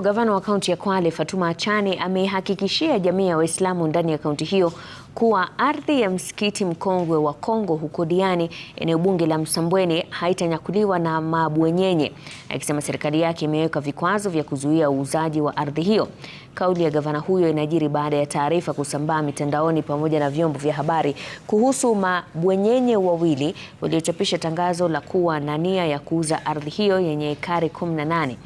Gavana wa kaunti ya Kwale Fatuma Achane amehakikishia jamii ya Waislamu ndani ya kaunti hiyo kuwa ardhi ya msikiti mkongwe wa Kongo huko Diani, eneo bunge la Msambweni, haitanyakuliwa na mabwenyenye, akisema serikali yake imeweka vikwazo vya kuzuia uuzaji wa ardhi hiyo. Kauli ya gavana huyo inajiri baada ya taarifa kusambaa mitandaoni pamoja na vyombo vya habari kuhusu mabwenyenye wawili waliochapisha tangazo la kuwa na nia ya kuuza ardhi hiyo yenye ekari 18.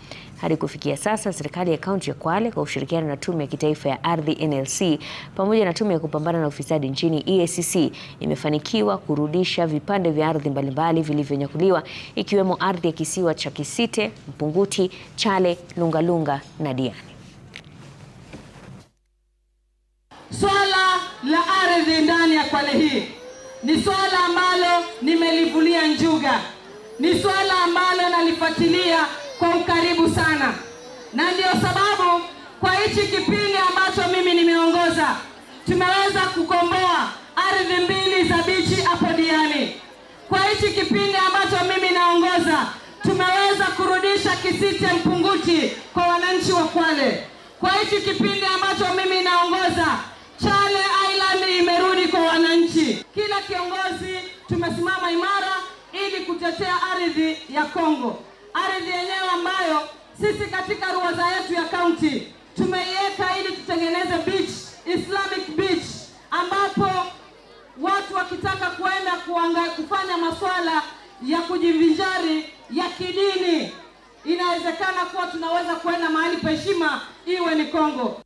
Hadi kufikia sasa, serikali ya kaunti ya Kwale kwa ushirikiano na tume ya kitaifa ya ardhi NLC pamoja na tume ya kupambana na ufisadi nchini EACC imefanikiwa kurudisha vipande vya ardhi mbalimbali vilivyonyakuliwa ikiwemo ardhi ya kisiwa cha Kisite, Mpunguti, Chale, Lungalunga na Diani. Swala la ardhi ndani ya Kwale hii ni swala ambalo nimelivulia njuga, ni swala ambalo nalifuatilia kwa ukaribu sana, na ndio sababu kwa hichi kipindi ambacho mimi nimeongoza tumeweza kukomboa ardhi mbili za bichi hapo Diani. Kwa hichi kipindi ambacho mimi naongoza tumeweza kurudisha Kisite Mpunguti kwa wananchi wa Kwale. Kwa hichi kipindi ambacho mimi naongoza Chale Island imerudi kwa wananchi. Kila kiongozi tumesimama imara ili kutetea ardhi ya Kongo, ardhi yenyewe ambayo sisi katika ruwaza yetu ya kaunti tumeiweka ili tutengeneze beach, Islamic beach, ambapo watu wakitaka kuenda kuanga, kufanya masuala ya kujivinjari ya kidini inawezekana kuwa tunaweza kuenda mahali pa heshima, iwe ni Kongo.